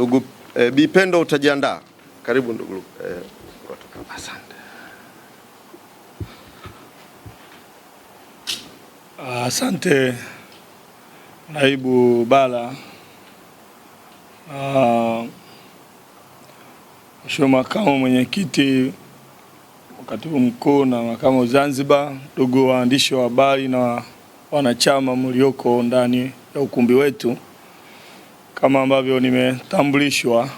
Ndugu e, eh, Bipendo utajiandaa. Karibu ndugu e, asante. Asante naibu Bala, Mheshimiwa makamu mwenyekiti, katibu mkuu na makamu Zanzibar, ndugu waandishi wa habari na wanachama mlioko ndani ya ukumbi wetu. Kama ambavyo nimetambulishwa,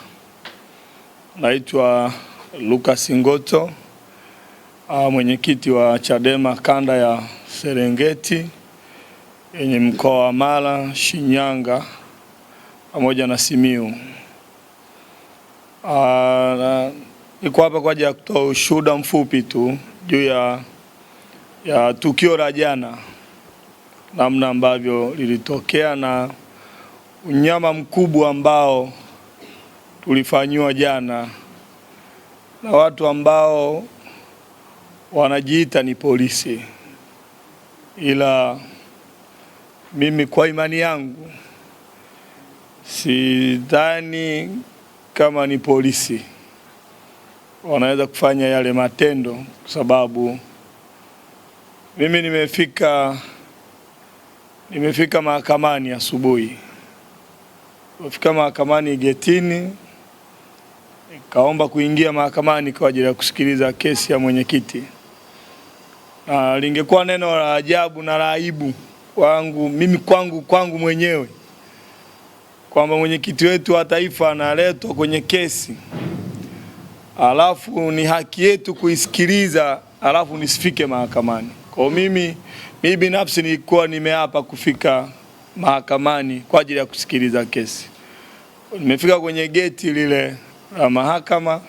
naitwa Lucas Ngoto, mwenyekiti wa Chadema kanda ya Serengeti yenye mkoa wa Mara, Shinyanga pamoja na simiu Niko hapa kwa ajili ya kutoa ushuhuda mfupi tu juu ya, ya tukio la jana namna ambavyo lilitokea na unyama mkubwa ambao tulifanyiwa jana na watu ambao wanajiita ni polisi, ila mimi kwa imani yangu sidhani kama ni polisi wanaweza kufanya yale matendo, kwa sababu mimi nimefika nimefika mahakamani asubuhi kufika mahakamani getini, kaomba kuingia mahakamani kwa ajili ya kusikiliza kesi ya mwenyekiti, na lingekuwa neno la ajabu na la aibu kwangu mimi kwangu kwangu mwenyewe kwamba mwenyekiti wetu wa taifa analetwa kwenye kesi alafu ni haki yetu kuisikiliza alafu nisifike mahakamani. Kwa mimi mimi binafsi nilikuwa nimeapa kufika mahakamani kwa ajili ya kusikiliza kesi. Nimefika kwenye geti lile la mahakama,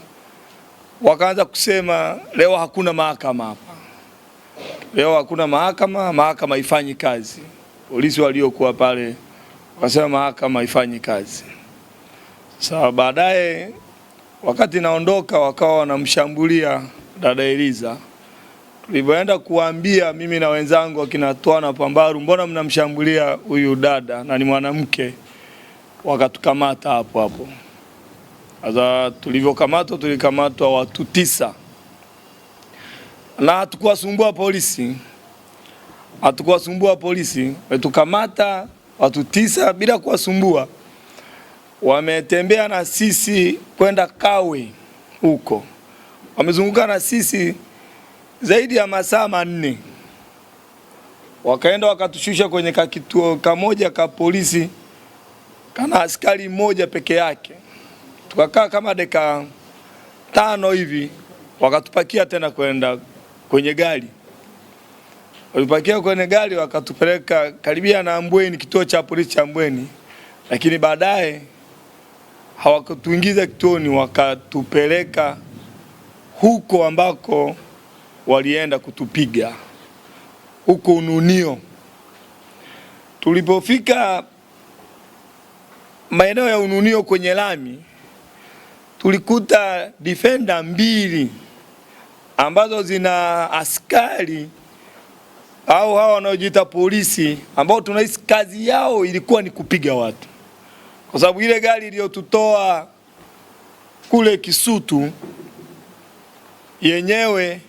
wakaanza kusema leo hakuna mahakama hapa, leo hakuna mahakama, mahakama ifanyi kazi. Polisi waliokuwa pale wakasema mahakama ifanyi kazi. Sasa baadaye, wakati naondoka, wakawa wanamshambulia dada Eliza tulivyoenda kuambia mimi na wenzangu akina Twana Pambaru, mbona mnamshambulia huyu dada na ni mwanamke? Wakatukamata hapo hapo. Sasa tulivyokamatwa, tulikamatwa watu tisa na hatukuwasumbua polisi, hatukuwasumbua polisi, metukamata watu tisa bila kuwasumbua. Wametembea na sisi kwenda Kawe huko, wamezunguka na sisi zaidi ya masaa manne, wakaenda wakatushusha kwenye kakituo kamoja ka polisi kana askari mmoja peke yake. Tukakaa kama deka tano hivi, wakatupakia tena kwenda kwenye gari, walipakia kwenye gari wakatupeleka karibia na mbweni kituo cha polisi cha mbweni lakini baadaye hawakutuingiza kituoni, wakatupeleka huko ambako walienda kutupiga huko Ununio. Tulipofika maeneo ya Ununio kwenye lami, tulikuta defender mbili ambazo zina askari au hawa wanaojiita polisi ambao tunahisi kazi yao ilikuwa ni kupiga watu, kwa sababu ile gari iliyotutoa kule Kisutu yenyewe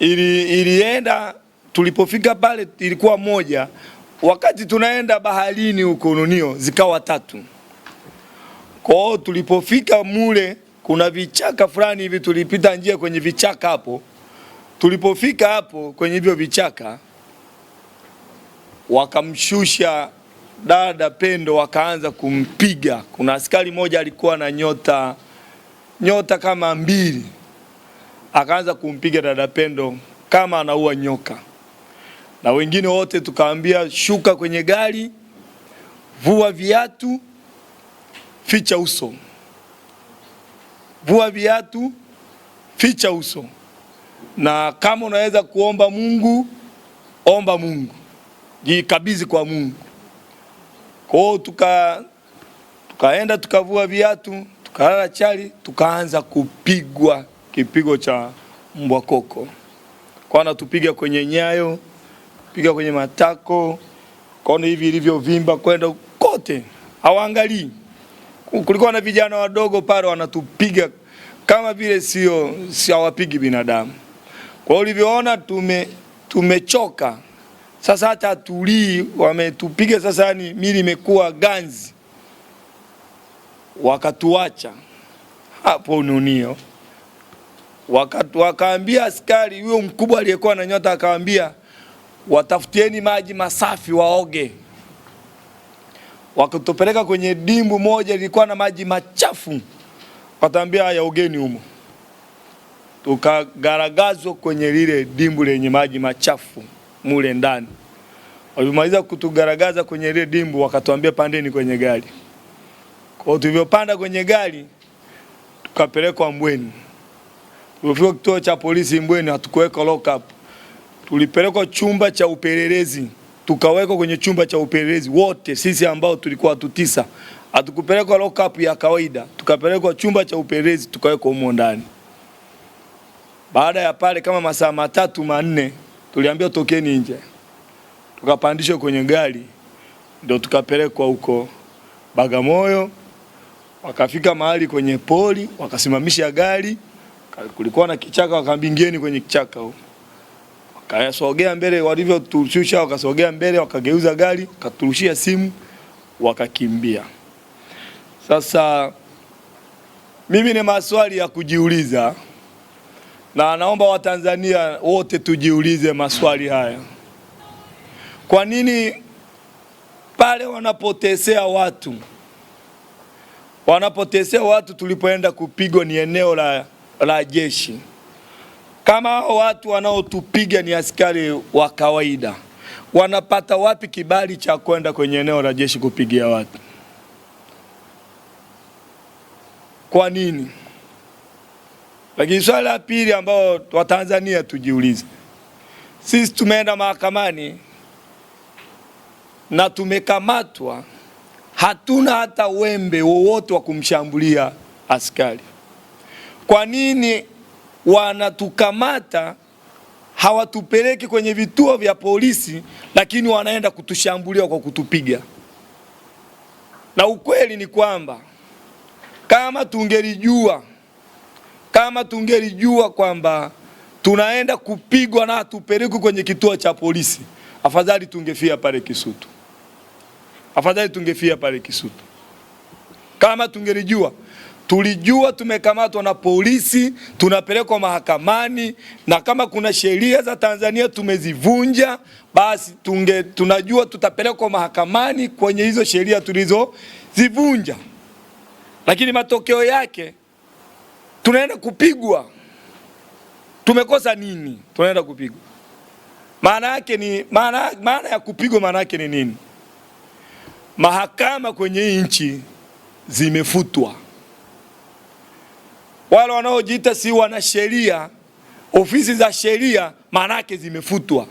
ili, ilienda tulipofika pale ilikuwa moja, wakati tunaenda baharini huko nunio zikawa tatu. Kwao tulipofika mule kuna vichaka fulani hivi, tulipita njia kwenye vichaka hapo. Tulipofika hapo kwenye hivyo vichaka, wakamshusha dada Pendo, wakaanza kumpiga. Kuna askari moja alikuwa na nyota nyota kama mbili akaanza kumpiga dada Pendo kama anaua nyoka, na wengine wote tukaambia, shuka kwenye gari, vua viatu, ficha uso, vua viatu, ficha uso, na kama unaweza kuomba Mungu omba Mungu, jikabidhi kwa Mungu. Kwa tuka tukaenda tukavua viatu tukalala chali, tukaanza kupigwa kipigo cha mbwa koko, kwa anatupiga kwenye nyayo, piga kwenye matako, kaona hivi ilivyovimba kwenda kote, hawaangalii. Kulikuwa na vijana wadogo pale wanatupiga kama vile sio si hawapigi binadamu. Kwa hiyo ulivyoona tume tumechoka sasa, hata hatulii, wametupiga sasa, yani mili imekuwa ganzi, wakatuacha hapo ununio wakaambia askari huyo mkubwa aliyekuwa na nyota, akawaambia watafutieni maji masafi waoge. Wakatupeleka kwenye dimbu moja lilikuwa na maji machafu, wataambia haya, ogeni humo. Tukagaragazwa kwenye lile dimbu lenye maji machafu mule ndani. Walipomaliza kutugaragaza kwenye lile dimbu, wakatuambia pandeni kwenye gari. Kwa hiyo tulivyopanda kwenye gari tukapelekwa Mbweni. Tulipofika kituo cha polisi Mbweni hatukuweka lock up, tulipelekwa chumba cha upelelezi, tukawekwa kwenye chumba cha upelelezi wote sisi ambao tulikuwa watu tisa. Hatukupelekwa lock up ya kawaida, tukapelekwa chumba cha upelelezi tukawekwa humo ndani. Baada ya pale kama masaa matatu manne, tuliambiwa tokeni nje, tukapandishwa kwenye gari ndio tukapelekwa huko Bagamoyo. Wakafika mahali kwenye poli, wakasimamisha gari kulikuwa na kichaka, wakambingieni kwenye kichaka huko, wakasogea mbele, walivyotushusha wakasogea mbele, wakageuza gari, wakaturushia simu, wakakimbia. Sasa mimi ni maswali ya kujiuliza, na naomba Watanzania wote tujiulize maswali haya. Kwa nini pale wanapotesea watu wanapotesea watu tulipoenda kupigwa ni eneo la la jeshi. Kama hao watu wanaotupiga ni askari wa kawaida, wanapata wapi kibali cha kwenda kwenye eneo la jeshi kupigia watu? Kwa nini? Lakini swali la pili ambao Watanzania tujiulize, sisi tumeenda mahakamani na tumekamatwa, hatuna hata wembe wowote wa kumshambulia askari. Kwa nini wanatukamata hawatupeleki kwenye vituo vya polisi, lakini wanaenda kutushambulia kwa kutupiga? Na ukweli ni kwamba kama tungelijua kama tungelijua kwamba tunaenda kupigwa na hatupelekwi kwenye kituo cha polisi, afadhali tungefia pale Kisutu, afadhali tungefia pale Kisutu kama tungelijua Tulijua tumekamatwa na polisi, tunapelekwa mahakamani, na kama kuna sheria za Tanzania tumezivunja, basi tunge, tunajua tutapelekwa mahakamani kwenye hizo sheria tulizozivunja, lakini matokeo yake tunaenda kupigwa. Tumekosa nini? Tunaenda kupigwa. Maana yake ni maana, maana ya kupigwa maana yake ni nini? Mahakama kwenye nchi zimefutwa wale wanaojiita si wana sheria, ofisi za sheria maanake zimefutwa.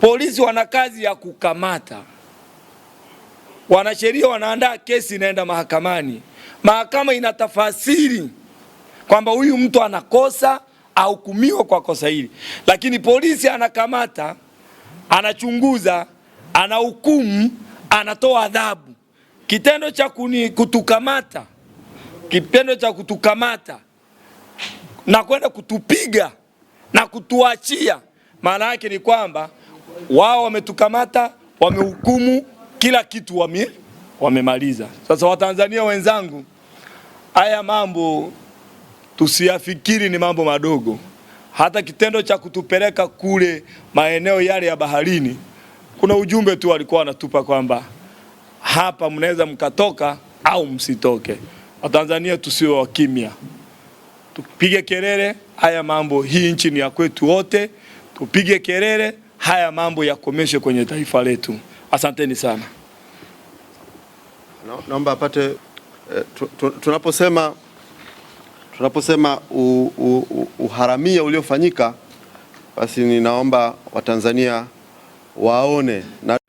Polisi wana kazi ya kukamata, wanasheria wanaandaa kesi, inaenda mahakamani, mahakama inatafasiri kwamba huyu mtu anakosa ahukumiwa kwa kosa hili, lakini polisi anakamata, anachunguza, anahukumu, anatoa adhabu. Kitendo cha kutukamata kitendo cha kutukamata na kwenda kutupiga na kutuachia, maana yake ni kwamba wao wametukamata, wamehukumu kila kitu, wame wamemaliza. Sasa Watanzania wenzangu, haya mambo tusiyafikiri ni mambo madogo. Hata kitendo cha kutupeleka kule maeneo yale ya baharini, kuna ujumbe tu walikuwa wanatupa kwamba hapa mnaweza mkatoka au msitoke. Watanzania tusiwe wakimya, tupige kelele haya mambo. Hii nchi ni ya kwetu wote, tupige kelele haya mambo yakomeshwe kwenye taifa letu. Asanteni sana. No, naomba apate eh, tu, tu, tunaposema tunaposema uharamia uliofanyika basi ninaomba Watanzania waone na